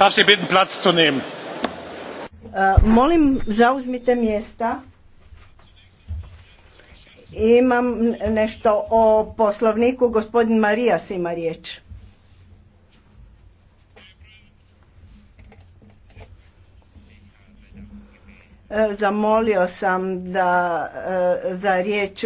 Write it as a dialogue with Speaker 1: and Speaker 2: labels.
Speaker 1: Darf Sie bitten, Platz zu nehmen?
Speaker 2: E, molim, zauzmite mjesta. Imam nešto o poslovniku. Gospodin Marijas ima riječ. E, zamolio sam da e, za riječ